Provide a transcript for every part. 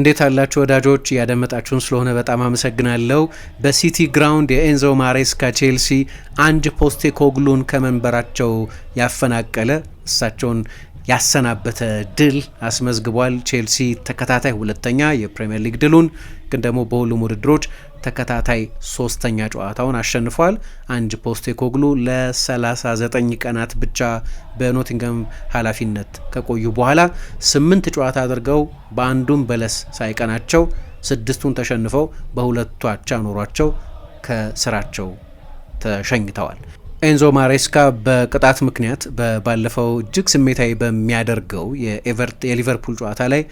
እንዴት አላችሁ ወዳጆች? እያደመጣችሁን ስለሆነ በጣም አመሰግናለሁ። በሲቲ ግራውንድ የኤንዞ ማሬስካ ቼልሲ አንድ ኮግሉን ከመንበራቸው ያፈናቀለ እሳቸውን ያሰናበተ ድል አስመዝግቧል። ቼልሲ ተከታታይ ሁለተኛ የፕሪምየር ሊግ ድሉን ግን ደግሞ በሁሉም ውድድሮች ተከታታይ ሶስተኛ ጨዋታውን አሸንፏል። አንጅ ፖስቴኮግሉ ለ39 ቀናት ብቻ በኖቲንገም ኃላፊነት ከቆዩ በኋላ ስምንት ጨዋታ አድርገው በአንዱም በለስ ሳይቀናቸው ስድስቱን ተሸንፈው በሁለቱ አቻ ኖሯቸው ከስራቸው ተሸኝተዋል። ኤንዞ ማሬስካ በቅጣት ምክንያት ባለፈው እጅግ ስሜታዊ በሚያደርገው የሊቨርፑል ጨዋታ ላይ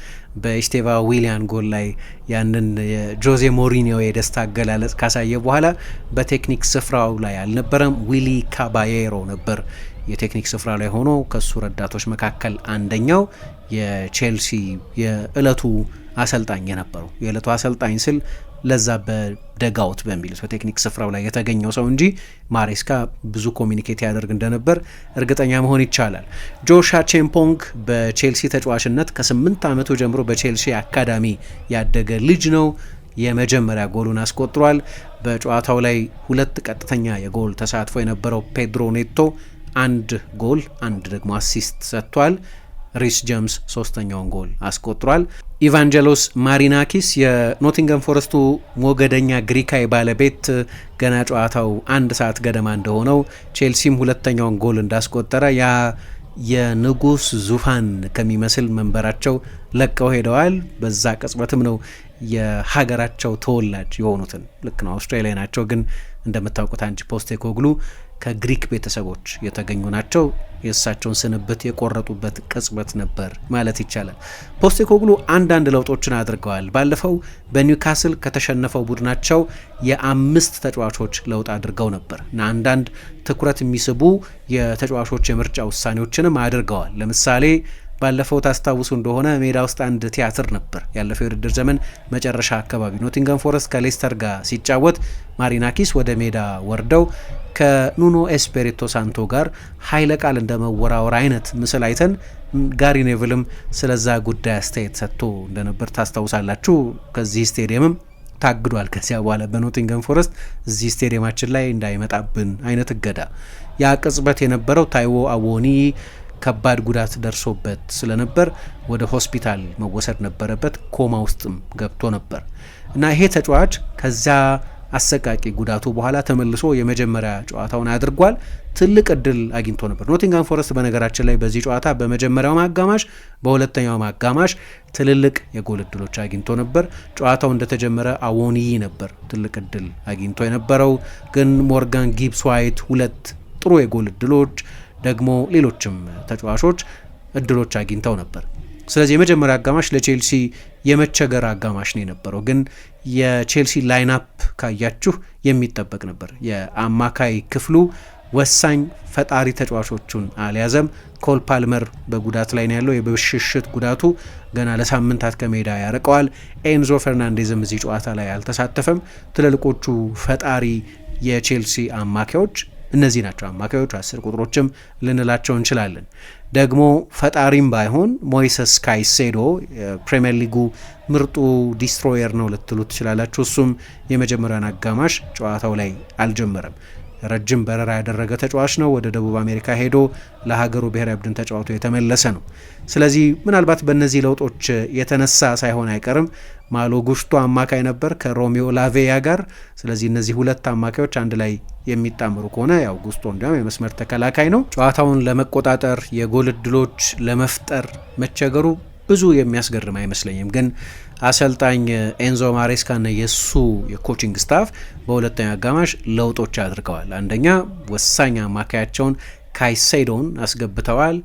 በኢስቴቫ ዊሊያን ጎል ላይ ያንን የጆዜ ሞሪኒዮ የደስታ አገላለጽ ካሳየ በኋላ በቴክኒክ ስፍራው ላይ አልነበረም። ዊሊ ካባየሮ ነበር የቴክኒክ ስፍራ ላይ ሆኖ ከሱ ረዳቶች መካከል አንደኛው የቼልሲ የእለቱ አሰልጣኝ የነበረው የእለቱ አሰልጣኝ ስል ለዛ በደጋውት በሚሉት በቴክኒክ ስፍራው ላይ የተገኘው ሰው እንጂ ማሬስካ ብዙ ኮሚኒኬት ያደርግ እንደነበር እርግጠኛ መሆን ይቻላል። ጆሻ ቼምፖንግ በቼልሲ ተጫዋችነት ከስምንት ዓመቱ ጀምሮ በቼልሲ አካዳሚ ያደገ ልጅ ነው። የመጀመሪያ ጎሉን አስቆጥሯል። በጨዋታው ላይ ሁለት ቀጥተኛ የጎል ተሳትፎ የነበረው ፔድሮ ኔቶ አንድ ጎል፣ አንድ ደግሞ አሲስት ሰጥቷል። ሪስ ጀምስ ሶስተኛውን ጎል አስቆጥሯል። ኢቫንጀሎስ ማሪናኪስ የኖቲንገም ፎረስቱ ሞገደኛ ግሪካዊ ባለቤት ገና ጨዋታው አንድ ሰዓት ገደማ እንደሆነው ቼልሲም ሁለተኛውን ጎል እንዳስቆጠረ ያ የንጉስ ዙፋን ከሚመስል መንበራቸው ለቀው ሄደዋል። በዛ ቅጽበትም ነው የሀገራቸው ተወላጅ የሆኑትን ልክ ነው አውስትራሊያ ናቸው፣ ግን እንደምታውቁት አንጅ ፖስቴኮግሉ ከግሪክ ቤተሰቦች የተገኙ ናቸው። የእሳቸውን ስንብት የቆረጡበት ቅጽበት ነበር ማለት ይቻላል። ፖስቴኮግሉ አንዳንድ ለውጦችን አድርገዋል። ባለፈው በኒውካስል ከተሸነፈው ቡድናቸው የአምስት ተጫዋቾች ለውጥ አድርገው ነበር እና አንዳንድ ትኩረት የሚስቡ የተጫዋቾች የምርጫ ውሳኔዎችንም አድርገዋል። ለምሳሌ ባለፈው ታስታውሱ እንደሆነ ሜዳ ውስጥ አንድ ቲያትር ነበር። ያለፈው የውድድር ዘመን መጨረሻ አካባቢ ኖቲንገም ፎረስት ከሌስተር ጋር ሲጫወት ማሪናኪስ ወደ ሜዳ ወርደው ከኑኖ ኤስፔሪቶ ሳንቶ ጋር ኃይለ ቃል እንደ መወራወር አይነት ምስል አይተን ጋሪ ኔቭልም ስለዛ ጉዳይ አስተያየት ሰጥቶ እንደነበር ታስታውሳላችሁ። ከዚህ ስቴዲየምም ታግዷል። ከዚያ በኋላ በኖቲንገም ፎረስት እዚህ ስቴዲየማችን ላይ እንዳይመጣብን አይነት እገዳ ያ ቅጽበት የነበረው ታይዎ አቦኒ ከባድ ጉዳት ደርሶበት ስለነበር ወደ ሆስፒታል መወሰድ ነበረበት። ኮማ ውስጥም ገብቶ ነበር እና ይሄ ተጫዋች ከዚያ አሰቃቂ ጉዳቱ በኋላ ተመልሶ የመጀመሪያ ጨዋታውን አድርጓል። ትልቅ እድል አግኝቶ ነበር። ኖቲንጋም ፎረስት በነገራችን ላይ በዚህ ጨዋታ በመጀመሪያው ማጋማሽ፣ በሁለተኛው ማጋማሽ ትልልቅ የጎል እድሎች አግኝቶ ነበር። ጨዋታው እንደተጀመረ አዎንይ ነበር ትልቅ እድል አግኝቶ የነበረው ግን ሞርጋን ጊብስ ዋይት ሁለት ጥሩ የጎል እድሎች ደግሞ ሌሎችም ተጫዋቾች እድሎች አግኝተው ነበር። ስለዚህ የመጀመሪያ አጋማሽ ለቼልሲ የመቸገር አጋማሽ ነው የነበረው። ግን የቼልሲ ላይናፕ ካያችሁ የሚጠበቅ ነበር። የአማካይ ክፍሉ ወሳኝ ፈጣሪ ተጫዋቾቹን አልያዘም። ኮል ፓልመር በጉዳት ላይ ነው ያለው። የብሽሽት ጉዳቱ ገና ለሳምንታት ከሜዳ ያርቀዋል። ኤንዞ ፈርናንዴዝም እዚህ ጨዋታ ላይ አልተሳተፈም። ትልልቆቹ ፈጣሪ የቼልሲ አማካዮች እነዚህ ናቸው አማካዮች፣ አስር ቁጥሮችም ልንላቸው እንችላለን። ደግሞ ፈጣሪም ባይሆን ሞይሰስ ካይሴዶ ፕሪምየር ሊጉ ምርጡ ዲስትሮየር ነው ልትሉ ትችላላችሁ። እሱም የመጀመሪያውን አጋማሽ ጨዋታው ላይ አልጀመረም። ረጅም በረራ ያደረገ ተጫዋች ነው። ወደ ደቡብ አሜሪካ ሄዶ ለሀገሩ ብሔራዊ ቡድን ተጫዋቶ የተመለሰ ነው። ስለዚህ ምናልባት በእነዚህ ለውጦች የተነሳ ሳይሆን አይቀርም ማሎ ጉሽቶ አማካይ ነበር ከሮሚዮ ላቬያ ጋር። ስለዚህ እነዚህ ሁለት አማካዮች አንድ ላይ የሚጣምሩ ከሆነ ያው ጉስቶ እንዲያውም የመስመር ተከላካይ ነው። ጨዋታውን ለመቆጣጠር የጎል እድሎች ለመፍጠር መቸገሩ ብዙ የሚያስገርም አይመስለኝም። ግን አሰልጣኝ ኤንዞ ማሬስካና የእሱ የኮችንግ ስታፍ በሁለተኛ አጋማሽ ለውጦች አድርገዋል። አንደኛ ወሳኝ አማካያቸውን ካይሴዶን አስገብተዋል።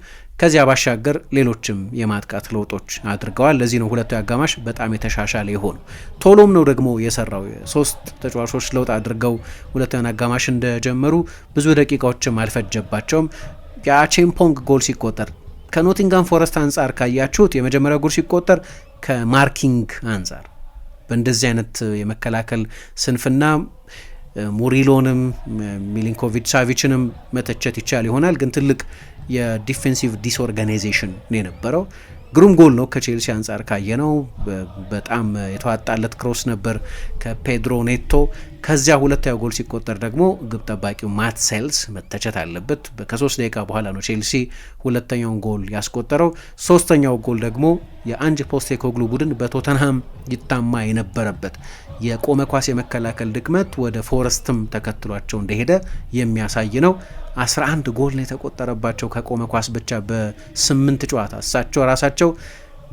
ከዚያ ባሻገር ሌሎችም የማጥቃት ለውጦች አድርገዋል። ለዚህ ነው ሁለቱ አጋማሽ በጣም የተሻሻለ የሆኑ ቶሎም ነው ደግሞ የሰራው። ሶስት ተጫዋቾች ለውጥ አድርገው ሁለተኛውን አጋማሽ እንደጀመሩ ብዙ ደቂቃዎችም አልፈጀባቸውም። የአቼምፖንግ ጎል ሲቆጠር ከኖቲንጋም ፎረስት አንጻር ካያችሁት የመጀመሪያው ጉር ሲቆጠር ከማርኪንግ አንጻር በእንደዚህ አይነት የመከላከል ስንፍና ሙሪሎንም ሚሊንኮቪች ሳቪችንም መተቸት ይቻል ይሆናል፣ ግን ትልቅ የዲፌንሲቭ ዲስኦርጋናይዜሽን ነው የነበረው። ግሩም ጎል ነው። ከቼልሲ አንጻር ካየ ነው በጣም የተዋጣለት ክሮስ ነበር ከፔድሮ ኔቶ። ከዚያ ሁለተኛው ጎል ሲቆጠር ደግሞ ግብ ጠባቂው ማት ሴልስ መተቸት አለበት። ከሶስት ደቂቃ በኋላ ነው ቼልሲ ሁለተኛውን ጎል ያስቆጠረው። ሶስተኛው ጎል ደግሞ የአንጅ ኮግሉ ቡድን በቶተንሃም ይታማ የነበረበት የቆመ ኳስ የመከላከል ድክመት ወደ ፎረስትም ተከትሏቸው እንደሄደ የሚያሳይ ነው። 11 ጎል ነው የተቆጠረባቸው ከቆመ ኳስ ብቻ በስምንት ጨዋታ። እሳቸው ራሳቸው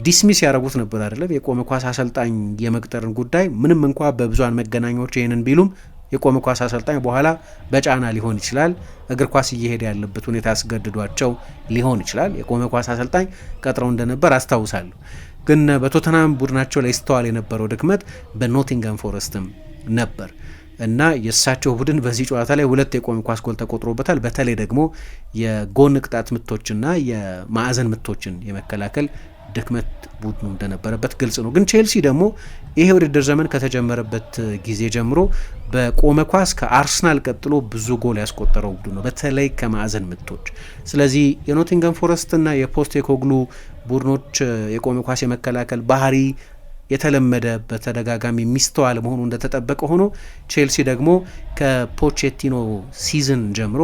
ዲስሚስ ያደረጉት ነበር አይደለም የቆመ ኳስ አሰልጣኝ የመቅጠርን ጉዳይ። ምንም እንኳ በብዙሃን መገናኛዎች ይህንን ቢሉም የቆመ ኳስ አሰልጣኝ በኋላ በጫና ሊሆን ይችላል፣ እግር ኳስ እየሄደ ያለበት ሁኔታ ያስገድዷቸው ሊሆን ይችላል የቆመ ኳስ አሰልጣኝ ቀጥረው እንደነበር አስታውሳለሁ። ግን በቶተናም ቡድናቸው ላይ ይስተዋል የነበረው ድክመት በኖቲንገም ፎረስትም ነበር። እና የእሳቸው ቡድን በዚህ ጨዋታ ላይ ሁለት የቆመ ኳስ ጎል ተቆጥሮበታል። በተለይ ደግሞ የጎን ቅጣት ምቶችና የማዕዘን ምቶችን የመከላከል ድክመት ቡድኑ እንደነበረበት ግልጽ ነው። ግን ቼልሲ ደግሞ ይሄ ውድድር ዘመን ከተጀመረበት ጊዜ ጀምሮ በቆመ ኳስ ከአርሰናል ቀጥሎ ብዙ ጎል ያስቆጠረው ቡድን ነው፣ በተለይ ከማዕዘን ምቶች። ስለዚህ የኖቲንገም ፎረስትና የፖስቴኮግሉ ቡድኖች የቆመ ኳስ የመከላከል ባህሪ የተለመደ በተደጋጋሚ የሚስተዋል መሆኑ እንደተጠበቀ ሆኖ ቼልሲ ደግሞ ከፖቼቲኖ ሲዝን ጀምሮ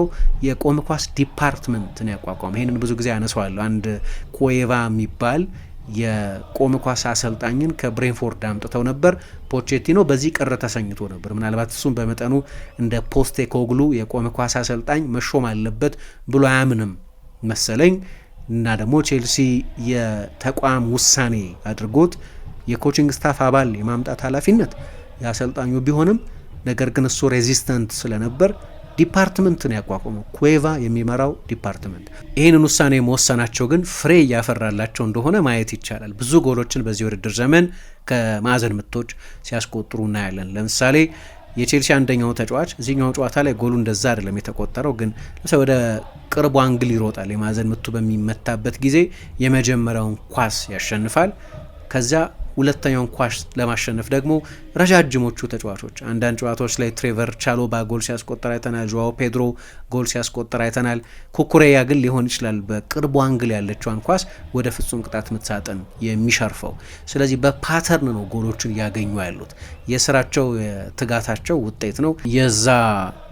የቆመ ኳስ ዲፓርትመንት ነው ያቋቋመ። ይህንን ብዙ ጊዜ ያነሰዋለሁ። አንድ ኮኤቫ የሚባል የቆመ ኳስ አሰልጣኝን ከብሬንፎርድ አምጥተው ነበር። ፖቼቲኖ በዚህ ቅር ተሰኝቶ ነበር። ምናልባት እሱም በመጠኑ እንደ ፖስቴ ኮግሉ የቆመ ኳስ አሰልጣኝ መሾም አለበት ብሎ አያምንም መሰለኝ እና ደግሞ ቼልሲ የተቋም ውሳኔ አድርጎት የኮችንግ ስታፍ አባል የማምጣት ኃላፊነት የአሰልጣኙ ቢሆንም ነገር ግን እሱ ሬዚስተንት ስለነበር ዲፓርትመንት ነው ያቋቋመው፣ ኩዌቫ የሚመራው ዲፓርትመንት። ይህንን ውሳኔ መወሰናቸው ግን ፍሬ እያፈራላቸው እንደሆነ ማየት ይቻላል። ብዙ ጎሎችን በዚህ ውድድር ዘመን ከማዕዘን ምቶች ሲያስቆጥሩ እናያለን። ለምሳሌ የቼልሲ አንደኛው ተጫዋች እዚህኛው ጨዋታ ላይ ጎሉ እንደዛ አይደለም የተቆጠረው፣ ግን ወደ ቅርቡ አንግል ይሮጣል። የማዕዘን ምቱ በሚመታበት ጊዜ የመጀመሪያውን ኳስ ያሸንፋል። ከዚያ ሁለተኛውን ኳስ ለማሸነፍ ደግሞ ረጃጅሞቹ ተጫዋቾች አንዳንድ ጨዋታዎች ላይ ትሬቨር ቻሎባ ጎል ሲያስቆጠር አይተናል። ዋው ፔድሮ ጎል ሲያስቆጠር አይተናል። ኩኩሬያ ግን ሊሆን ይችላል በቅርቡ አንግል ያለችዋን ኳስ ወደ ፍጹም ቅጣት ምትሳጥን የሚሸርፈው። ስለዚህ በፓተርን ነው ጎሎችን እያገኙ ያሉት። የስራቸው የትጋታቸው ውጤት ነው። የዛ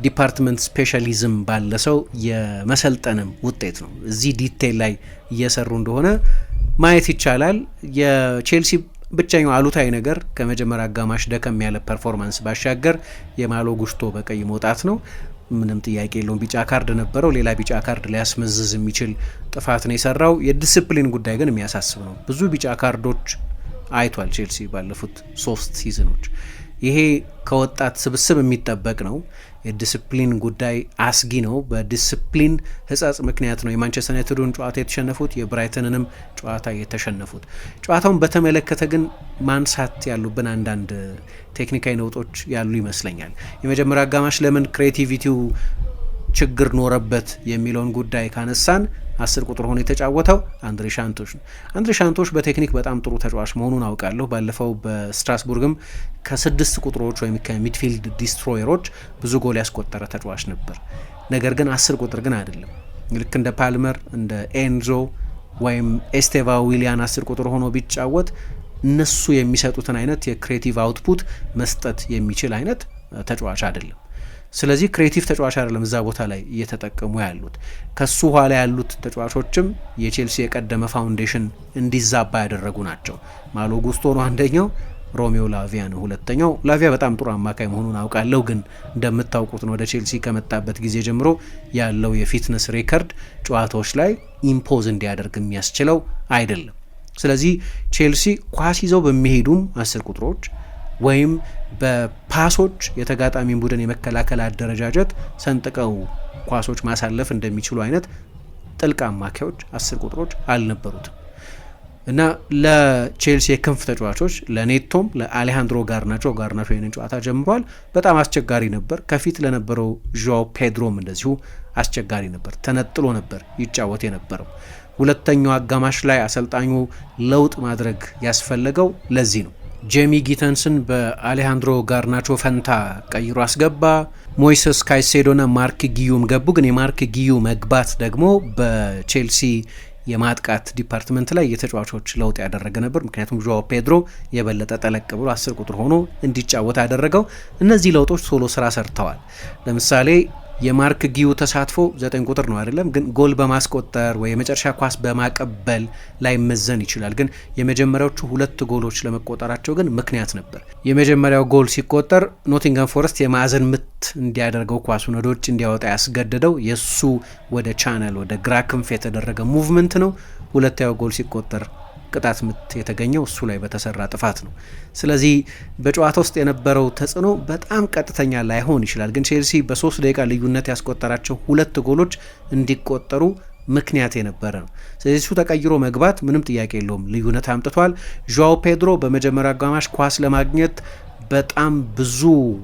ዲፓርትመንት ስፔሻሊዝም ባለ ሰው የመሰልጠንም ውጤት ነው። እዚህ ዲቴል ላይ እየሰሩ እንደሆነ ማየት ይቻላል። የቼልሲ ብቸኛው አሉታዊ ነገር ከመጀመሪያ አጋማሽ ደከም ያለ ፐርፎርማንስ ባሻገር የማሎ ጉሽቶ በቀይ መውጣት ነው። ምንም ጥያቄ የለውም። ቢጫ ካርድ ነበረው። ሌላ ቢጫ ካርድ ሊያስመዝዝ የሚችል ጥፋት ነው የሰራው። የዲስፕሊን ጉዳይ ግን የሚያሳስብ ነው። ብዙ ቢጫ ካርዶች አይቷል ቼልሲ ባለፉት ሶስት ሲዝኖች። ይሄ ከወጣት ስብስብ የሚጠበቅ ነው። የዲስፕሊን ጉዳይ አስጊ ነው። በዲስፕሊን ሕጸጽ ምክንያት ነው የማንቸስተር ዩናይትዱን ጨዋታ የተሸነፉት፣ የብራይተንንም ጨዋታ የተሸነፉት። ጨዋታውን በተመለከተ ግን ማንሳት ያሉብን አንዳንድ ቴክኒካዊ ነውጦች ያሉ ይመስለኛል። የመጀመሪያ አጋማሽ ለምን ክሬቲቪቲው ችግር ኖረበት የሚለውን ጉዳይ ካነሳን አስር ቁጥር ሆኖ የተጫወተው አንድሪ ሻንቶሽ ነው። አንድሪ ሻንቶሽ በቴክኒክ በጣም ጥሩ ተጫዋች መሆኑን አውቃለሁ። ባለፈው በስትራስቡርግም ከስድስት ቁጥሮች ወይም ከሚድፊልድ ዲስትሮየሮች ብዙ ጎል ያስቆጠረ ተጫዋች ነበር። ነገር ግን አስር ቁጥር ግን አይደለም። ልክ እንደ ፓልመር እንደ ኤንዞ ወይም ኤስቴቫ ዊሊያን አስር ቁጥር ሆኖ ቢጫወት እነሱ የሚሰጡትን አይነት የክሬቲቭ አውትፑት መስጠት የሚችል አይነት ተጫዋች አይደለም። ስለዚህ ክሬቲቭ ተጫዋች አይደለም እዛ ቦታ ላይ እየተጠቀሙ ያሉት። ከሱ ኋላ ያሉት ተጫዋቾችም የቼልሲ የቀደመ ፋውንዴሽን እንዲዛባ ያደረጉ ናቸው። ማሎ ጉስቶ ነው አንደኛው፣ ሮሜዮ ላቪያ ነው ሁለተኛው። ላቪያ በጣም ጥሩ አማካይ መሆኑን አውቃለሁ፣ ግን እንደምታውቁት ነው ወደ ቼልሲ ከመጣበት ጊዜ ጀምሮ ያለው የፊትነስ ሬከርድ ጨዋታዎች ላይ ኢምፖዝ እንዲያደርግ የሚያስችለው አይደለም። ስለዚህ ቼልሲ ኳስ ይዘው በሚሄዱም አስር ቁጥሮች ወይም በፓሶች የተጋጣሚን ቡድን የመከላከል አደረጃጀት ሰንጥቀው ኳሶች ማሳለፍ እንደሚችሉ አይነት ጥልቅ አማካዮች አስር ቁጥሮች አልነበሩትም እና ለቼልሲ የክንፍ ተጫዋቾች ለኔቶም ለአሌሃንድሮ ጋርናቾ ጋርናቾ ይህንን ጨዋታ ጀምሯል በጣም አስቸጋሪ ነበር ከፊት ለነበረው ዣኦ ፔድሮም እንደዚሁ አስቸጋሪ ነበር ተነጥሎ ነበር ይጫወት የነበረው ሁለተኛው አጋማሽ ላይ አሰልጣኙ ለውጥ ማድረግ ያስፈለገው ለዚህ ነው ጄሚ ጊተንስን በአሌሃንድሮ ጋርናቾ ፈንታ ቀይሮ አስገባ። ሞይሰስ ካይሴዶና ማርክ ጊዩም ገቡ። ግን የማርክ ጊዩ መግባት ደግሞ በቼልሲ የማጥቃት ዲፓርትመንት ላይ የተጫዋቾች ለውጥ ያደረገ ነበር። ምክንያቱም ጆዋ ፔድሮ የበለጠ ጠለቅ ብሎ አስር ቁጥር ሆኖ እንዲጫወት ያደረገው። እነዚህ ለውጦች ቶሎ ስራ ሰርተዋል። ለምሳሌ የማርክ ጊዩ ተሳትፎ ዘጠኝ ቁጥር ነው አይደለም፣ ግን ጎል በማስቆጠር ወይ የመጨረሻ ኳስ በማቀበል ላይ መዘን ይችላል። ግን የመጀመሪያዎቹ ሁለት ጎሎች ለመቆጠራቸው ግን ምክንያት ነበር። የመጀመሪያው ጎል ሲቆጠር ኖቲንገም ፎረስት የማዕዘን ምት እንዲያደርገው ኳሱን ወደ ውጭ እንዲያወጣ ያስገደደው የእሱ ወደ ቻነል ወደ ግራ ክንፍ የተደረገ ሙቭመንት ነው። ሁለተኛው ጎል ሲቆጠር ቅጣት ምት የተገኘው እሱ ላይ በተሰራ ጥፋት ነው። ስለዚህ በጨዋታ ውስጥ የነበረው ተጽዕኖ በጣም ቀጥተኛ ላይሆን ይችላል፣ ግን ቼልሲ በሶስት ደቂቃ ልዩነት ያስቆጠራቸው ሁለት ጎሎች እንዲቆጠሩ ምክንያት የነበረ ነው። ስለዚህ እሱ ተቀይሮ መግባት ምንም ጥያቄ የለውም ልዩነት አምጥቷል። ዣው ፔድሮ በመጀመሪያ አጋማሽ ኳስ ለማግኘት በጣም ብዙ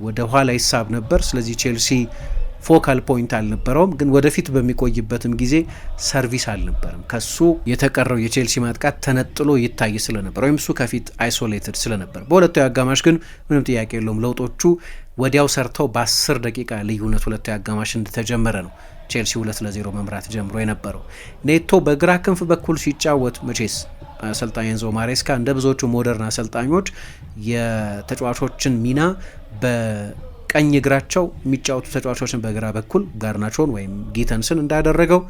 ወደ ኋላ ይሳብ ነበር። ስለዚህ ቼልሲ ፎካል ፖይንት አልነበረውም፣ ግን ወደፊት በሚቆይበትም ጊዜ ሰርቪስ አልነበረም። ከሱ የተቀረው የቼልሲ ማጥቃት ተነጥሎ ይታይ ስለነበር ወይም እሱ ከፊት አይሶሌትድ ስለነበር፣ በሁለቱ አጋማሽ ግን ምንም ጥያቄ የለውም ለውጦቹ ወዲያው ሰርተው በ10 ደቂቃ ልዩነት ሁለታዊ አጋማሽ እንደተጀመረ ነው ቼልሲ ሁለት ለዜሮ መምራት ጀምሮ የነበረው። ኔቶ በግራ ክንፍ በኩል ሲጫወት መቼስ አሰልጣኝ ኤንዞ ማሬስካ እንደ ብዙዎቹ ሞደርን አሰልጣኞች የተጫዋቾችን ሚና ቀኝ እግራቸው የሚጫወቱ ተጫዋቾችን በግራ በኩል ጋርናቾን ወይም ጊተንስን እንዳደረገው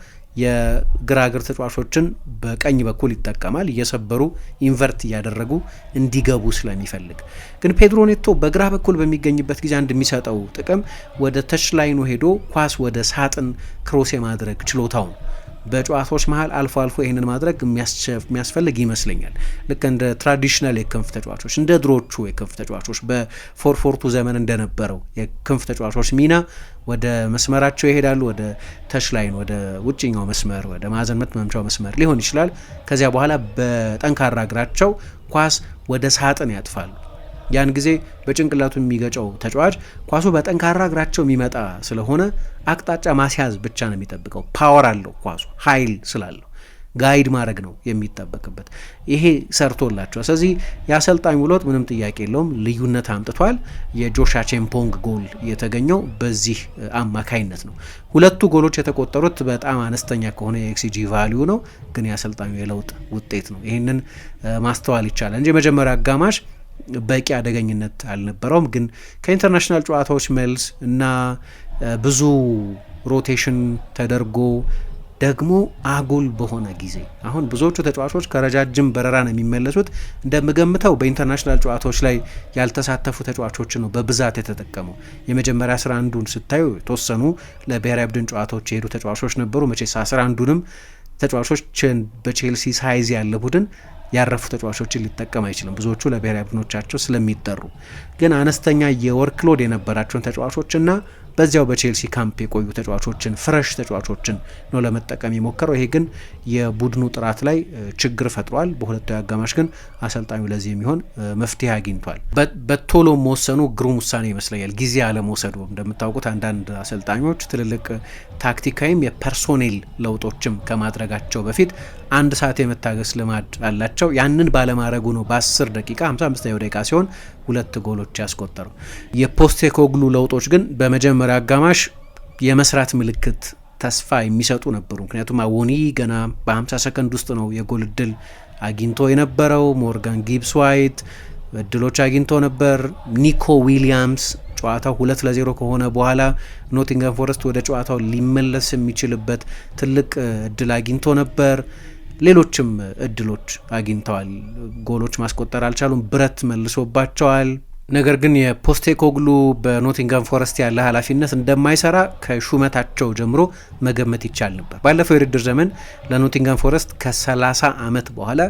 የግራ እግር ተጫዋቾችን በቀኝ በኩል ይጠቀማል። እየሰበሩ ኢንቨርት እያደረጉ እንዲገቡ ስለሚፈልግ ግን ፔድሮ ኔቶ በግራ በኩል በሚገኝበት ጊዜ አንድ የሚሰጠው ጥቅም ወደ ላይኑ ሄዶ ኳስ ወደ ሳጥን ክሮስ የማድረግ ችሎታው ነው። በጨዋታዎች መሀል አልፎ አልፎ ይህንን ማድረግ የሚያስፈልግ ይመስለኛል። ልክ እንደ ትራዲሽናል የክንፍ ተጫዋቾች እንደ ድሮቹ የክንፍ ተጫዋቾች በፎርፎርቱ ዘመን እንደነበረው የክንፍ ተጫዋቾች ሚና ወደ መስመራቸው ይሄዳሉ። ወደ ተሽላይን፣ ወደ ውጭኛው መስመር፣ ወደ ማዕዘን ምት መምቻው መስመር ሊሆን ይችላል። ከዚያ በኋላ በጠንካራ እግራቸው ኳስ ወደ ሳጥን ያጥፋሉ። ያን ጊዜ በጭንቅላቱ የሚገጨው ተጫዋች ኳሱ በጠንካራ እግራቸው የሚመጣ ስለሆነ አቅጣጫ ማስያዝ ብቻ ነው የሚጠብቀው። ፓወር አለው ኳሱ ኃይል ስላለው ጋይድ ማድረግ ነው የሚጠበቅበት። ይሄ ሰርቶላቸዋል። ስለዚህ የአሰልጣኙ ለውጥ ምንም ጥያቄ የለውም፣ ልዩነት አምጥቷል። የጆሻ ቼምፖንግ ጎል የተገኘው በዚህ አማካይነት ነው። ሁለቱ ጎሎች የተቆጠሩት በጣም አነስተኛ ከሆነ የኤክሲጂ ቫሊዩ ነው፣ ግን የአሰልጣኙ የለውጥ ውጤት ነው። ይህንን ማስተዋል ይቻላል እንጂ የመጀመሪያ አጋማሽ በቂ አደገኝነት አልነበረውም። ግን ከኢንተርናሽናል ጨዋታዎች መልስ እና ብዙ ሮቴሽን ተደርጎ ደግሞ አጉል በሆነ ጊዜ አሁን ብዙዎቹ ተጫዋቾች ከረጃጅም በረራ ነው የሚመለሱት። እንደምገምተው በኢንተርናሽናል ጨዋታዎች ላይ ያልተሳተፉ ተጫዋቾች ነው በብዛት የተጠቀመው። የመጀመሪያ ስራ አንዱን ስታዩ የተወሰኑ ለብሔራዊ ቡድን ጨዋታዎች የሄዱ ተጫዋቾች ነበሩ። መቼስ 11 አንዱንም ተጫዋቾች በቼልሲ ሳይዝ ያለ ቡድን ያረፉ ተጫዋቾችን ሊጠቀም አይችልም። ብዙዎቹ ለብሔራዊ ቡድኖቻቸው ስለሚጠሩ ግን አነስተኛ የወርክሎድ የነበራቸውን ተጫዋቾችና በዚያው በቼልሲ ካምፕ የቆዩ ተጫዋቾችን ፍረሽ ተጫዋቾችን ነው ለመጠቀም የሞከረው። ይሄ ግን የቡድኑ ጥራት ላይ ችግር ፈጥሯል። በሁለታዊ አጋማሽ ግን አሰልጣኙ ለዚህ የሚሆን መፍትሄ አግኝቷል። በቶሎ መወሰኑ ግሩም ውሳኔ ይመስለኛል። ጊዜ አለመውሰዱ እንደምታውቁት አንዳንድ አሰልጣኞች ትልልቅ ታክቲካዊም የፐርሶኔል ለውጦችም ከማድረጋቸው በፊት አንድ ሰዓት የመታገስ ልማድ አላቸው። ያንን ባለማድረጉ ነው በ10 ደቂቃ 55ኛው ደቂቃ ሲሆን ሁለት ጎሎች ያስቆጠረው። የፖስቴኮግሉ ለውጦች ግን በመጀመሪያ የመጀመሪያ አጋማሽ የመስራት ምልክት ተስፋ የሚሰጡ ነበሩ። ምክንያቱም አዎኒ ገና በ50 ሰከንድ ውስጥ ነው የጎል እድል አግኝቶ የነበረው። ሞርጋን ጊብስ ዋይት እድሎች አግኝቶ ነበር። ኒኮ ዊሊያምስ ጨዋታው ሁለት ለዜሮ ከሆነ በኋላ ኖቲንገም ፎረስት ወደ ጨዋታው ሊመለስ የሚችልበት ትልቅ እድል አግኝቶ ነበር። ሌሎችም እድሎች አግኝተዋል። ጎሎች ማስቆጠር አልቻሉም። ብረት መልሶባቸዋል። ነገር ግን የፖስቴኮግሉ በኖቲንጋም ፎረስት ያለ ኃላፊነት እንደማይሰራ ከሹመታቸው ጀምሮ መገመት ይቻል ነበር። ባለፈው የውድድር ዘመን ለኖቲንጋም ፎረስት ከ30 ዓመት በኋላ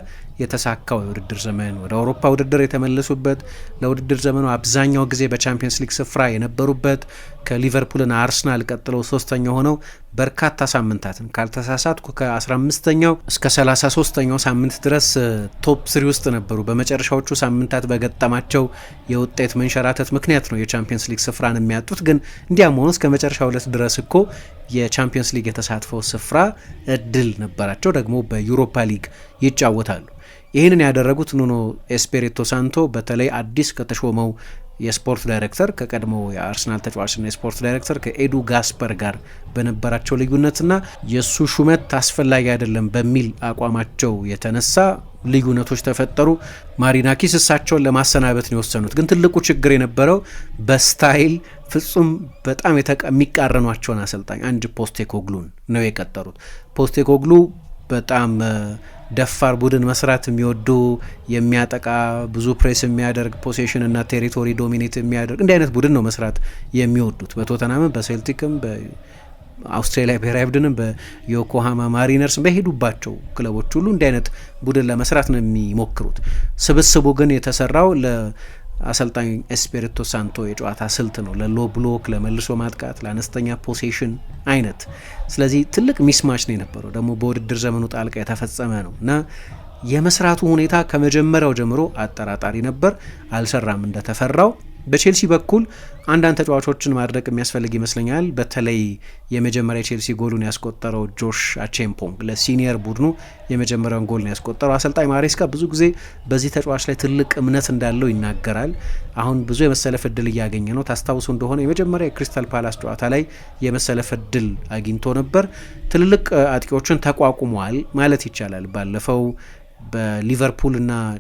የተሳካው የውድድር ዘመን ወደ አውሮፓ ውድድር የተመለሱበት ለውድድር ዘመኑ አብዛኛው ጊዜ በቻምፒየንስ ሊግ ስፍራ የነበሩበት ከሊቨርፑልና አርሰናል ቀጥለው ሶስተኛ ሆነው በርካታ ሳምንታትን ካልተሳሳትኩ ከ15ኛው እስከ 33ኛው ሳምንት ድረስ ቶፕ ስሪ ውስጥ ነበሩ። በመጨረሻዎቹ ሳምንታት በገጠማቸው የውጤት መንሸራተት ምክንያት ነው የቻምፒየንስ ሊግ ስፍራን የሚያጡት። ግን እንዲያም ሆኖ እስከ መጨረሻ ሁለት ድረስ እኮ የቻምፒየንስ ሊግ የተሳትፈው ስፍራ እድል ነበራቸው። ደግሞ በዩሮፓ ሊግ ይጫወታሉ። ይህንን ያደረጉት ኑኖ ኤስፔሪቶ ሳንቶ በተለይ አዲስ ከተሾመው የስፖርት ዳይሬክተር ከቀድሞ የአርሰናል ተጫዋችና የስፖርት ዳይሬክተር ከኤዱ ጋስፐር ጋር በነበራቸው ልዩነትና የእሱ ሹመት አስፈላጊ አይደለም በሚል አቋማቸው የተነሳ ልዩነቶች ተፈጠሩ። ማሪናኪስ እሳቸውን ለማሰናበት ነው የወሰኑት። ግን ትልቁ ችግር የነበረው በስታይል ፍጹም በጣም የሚቃረኗቸውን አሰልጣኝ አንድ ፖስቴኮግሉን ነው የቀጠሩት። ፖስቴኮግሉ በጣም ደፋር ቡድን መስራት የሚወዱ የሚያጠቃ ብዙ ፕሬስ የሚያደርግ ፖሴሽን እና ቴሪቶሪ ዶሚኔት የሚያደርግ እንዲህ አይነት ቡድን ነው መስራት የሚወዱት። በቶተናምም በሴልቲክም በአውስትራሊያ ብሔራዊ ቡድንም በዮኮሃማ ማሪነርስ በሄዱባቸው ክለቦች ሁሉ እንዲህ አይነት ቡድን ለመስራት ነው የሚሞክሩት። ስብስቡ ግን የተሰራው አሰልጣኝ ኤስፔሪቶ ሳንቶ የጨዋታ ስልት ነው፣ ለሎ ብሎክ፣ ለመልሶ ማጥቃት፣ ለአነስተኛ ፖሴሽን አይነት። ስለዚህ ትልቅ ሚስማች ነው የነበረው። ደግሞ በውድድር ዘመኑ ጣልቃ የተፈጸመ ነው እና የመስራቱ ሁኔታ ከመጀመሪያው ጀምሮ አጠራጣሪ ነበር፣ አልሰራም እንደተፈራው። በቼልሲ በኩል አንዳንድ ተጫዋቾችን ማድረግ የሚያስፈልግ ይመስለኛል። በተለይ የመጀመሪያ ቼልሲ ጎሉን ያስቆጠረው ጆሽ አቼምፖንግ ለሲኒየር ቡድኑ የመጀመሪያውን ጎል ነው ያስቆጠረው። አሰልጣኝ ማሬስካ ብዙ ጊዜ በዚህ ተጫዋች ላይ ትልቅ እምነት እንዳለው ይናገራል። አሁን ብዙ የመሰለፍ እድል እያገኘ ነው። ታስታውሱ እንደሆነ የመጀመሪያ የክሪስታል ፓላስ ጨዋታ ላይ የመሰለፍ እድል አግኝቶ ነበር። ትልልቅ አጥቂዎችን ተቋቁሟል ማለት ይቻላል ባለፈው በሊቨርፑል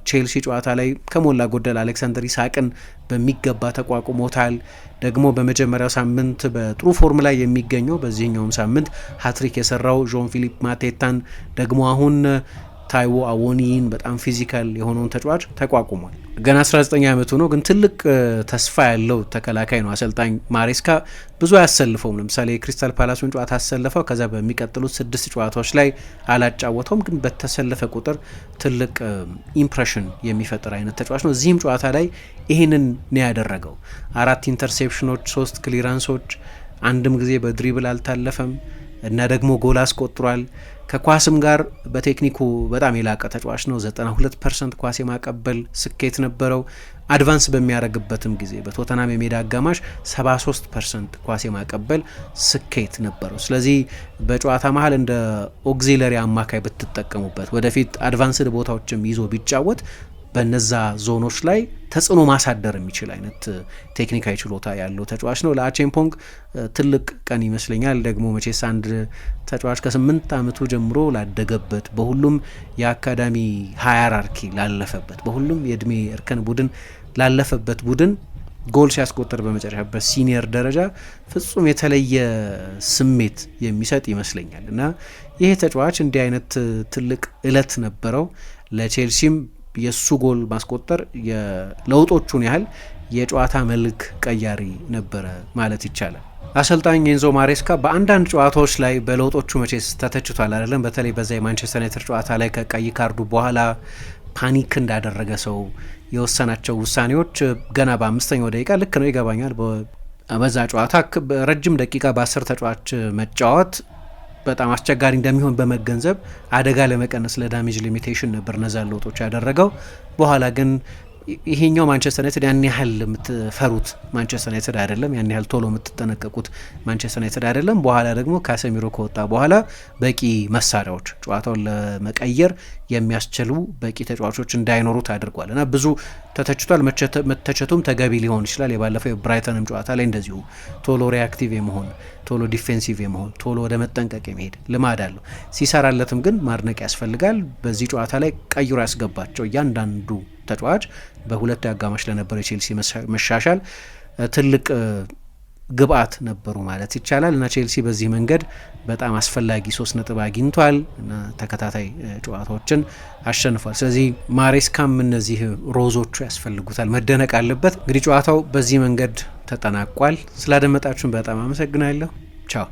ቼልሲ ጨዋታ ላይ ከሞላ ጎደል አሌክሳንደር ኢሳቅን በሚገባ ተቋቁሞታል። ደግሞ በመጀመሪያው ሳምንት በጥሩ ፎርም ላይ የሚገኘው በዚህኛውም ሳምንት ሀትሪክ የሰራው ዦን ፊሊፕ ማቴታን ደግሞ አሁን ታይቦ አዎኒን በጣም ፊዚካል የሆነውን ተጫዋች ተቋቁሟል። ገና 19 ዓመቱ ነው፣ ግን ትልቅ ተስፋ ያለው ተከላካይ ነው። አሰልጣኝ ማሬስካ ብዙ አያሰልፈውም። ለምሳሌ የክሪስታል ፓላሱን ጨዋታ አሰለፈው፣ ከዛ በሚቀጥሉት ስድስት ጨዋታዎች ላይ አላጫወተውም፣ ግን በተሰለፈ ቁጥር ትልቅ ኢምፕሬሽን የሚፈጥር አይነት ተጫዋች ነው። እዚህም ጨዋታ ላይ ይህንን ነው ያደረገው። አራት ኢንተርሴፕሽኖች፣ ሶስት ክሊራንሶች፣ አንድም ጊዜ በድሪብል አልታለፈም እና ደግሞ ጎል አስቆጥሯል። ከኳስም ጋር በቴክኒኩ በጣም የላቀ ተጫዋች ነው። 92 ፐርሰንት ኳስ የማቀበል ስኬት ነበረው። አድቫንስ በሚያደርግበትም ጊዜ በቶተናም የሜዳ አጋማሽ 73 ፐርሰንት ኳስ የማቀበል ስኬት ነበረው። ስለዚህ በጨዋታ መሀል እንደ ኦግዚለሪ አማካይ ብትጠቀሙበት፣ ወደፊት አድቫንስድ ቦታዎችም ይዞ ቢጫወት በነዛ ዞኖች ላይ ተጽዕኖ ማሳደር የሚችል አይነት ቴክኒካዊ ችሎታ ያለው ተጫዋች ነው። ለአቼምፖንግ ትልቅ ቀን ይመስለኛል። ደግሞ መቼስ አንድ ተጫዋች ከስምንት ዓመቱ ጀምሮ ላደገበት፣ በሁሉም የአካዳሚ ሃያራርኪ ላለፈበት፣ በሁሉም የእድሜ እርከን ቡድን ላለፈበት ቡድን ጎል ሲያስቆጠር በመጨረሻ በሲኒየር ደረጃ ፍጹም የተለየ ስሜት የሚሰጥ ይመስለኛል እና ይህ ተጫዋች እንዲህ አይነት ትልቅ እለት ነበረው ለቼልሲም የእሱ ጎል ማስቆጠር ለውጦቹን ያህል የጨዋታ መልክ ቀያሪ ነበረ ማለት ይቻላል። አሰልጣኝ ኤንዞ ማሬስካ በአንዳንድ ጨዋታዎች ላይ በለውጦቹ መቼስ ተተችቷል አይደለም። በተለይ በዛ የማንቸስተር ዩናይትድ ጨዋታ ላይ ከቀይ ካርዱ በኋላ ፓኒክ እንዳደረገ ሰው የወሰናቸው ውሳኔዎች ገና በአምስተኛው ደቂቃ ልክ ነው ይገባኛል። በዛ ጨዋታ ረጅም ደቂቃ በአስር ተጫዋች መጫወት በጣም አስቸጋሪ እንደሚሆን በመገንዘብ አደጋ ለመቀነስ ለዳሜጅ ሊሚቴሽን ነበር እነዛ ለውጦች ያደረገው። በኋላ ግን ይሄኛው ማንቸስተር ዩናይትድ ያን ያህል የምትፈሩት ማንቸስተር ዩናይትድ አይደለም። ያን ያህል ቶሎ የምትጠነቀቁት ማንቸስተር ዩናይትድ አይደለም። በኋላ ደግሞ ካሰሚሮ ከወጣ በኋላ በቂ መሳሪያዎች ጨዋታውን ለመቀየር የሚያስችሉ በቂ ተጫዋቾች እንዳይኖሩት አድርጓል እና ብዙ ተተችቷል። መተቸቱም ተገቢ ሊሆን ይችላል። የባለፈው የብራይተንም ጨዋታ ላይ እንደዚሁ ቶሎ ሪያክቲቭ የመሆን ቶሎ ዲፌንሲቭ የመሆን ቶሎ ወደ መጠንቀቅ የመሄድ ልማድ አለው። ሲሰራለትም ግን ማድነቅ ያስፈልጋል። በዚህ ጨዋታ ላይ ቀይሮ ያስገባቸው እያንዳንዱ ተጫዋች በሁለት አጋማሽ ለነበረው የቼልሲ መሻሻል ትልቅ ግብአት ነበሩ ማለት ይቻላል እና ቼልሲ በዚህ መንገድ በጣም አስፈላጊ ሶስት ነጥብ አግኝቷል እና ተከታታይ ጨዋታዎችን አሸንፏል። ስለዚህ ማሬስካም እነዚህ ሮዞቹ ያስፈልጉታል፣ መደነቅ አለበት። እንግዲህ ጨዋታው በዚህ መንገድ ተጠናቋል። ስላደመጣችሁን በጣም አመሰግናለሁ። ቻው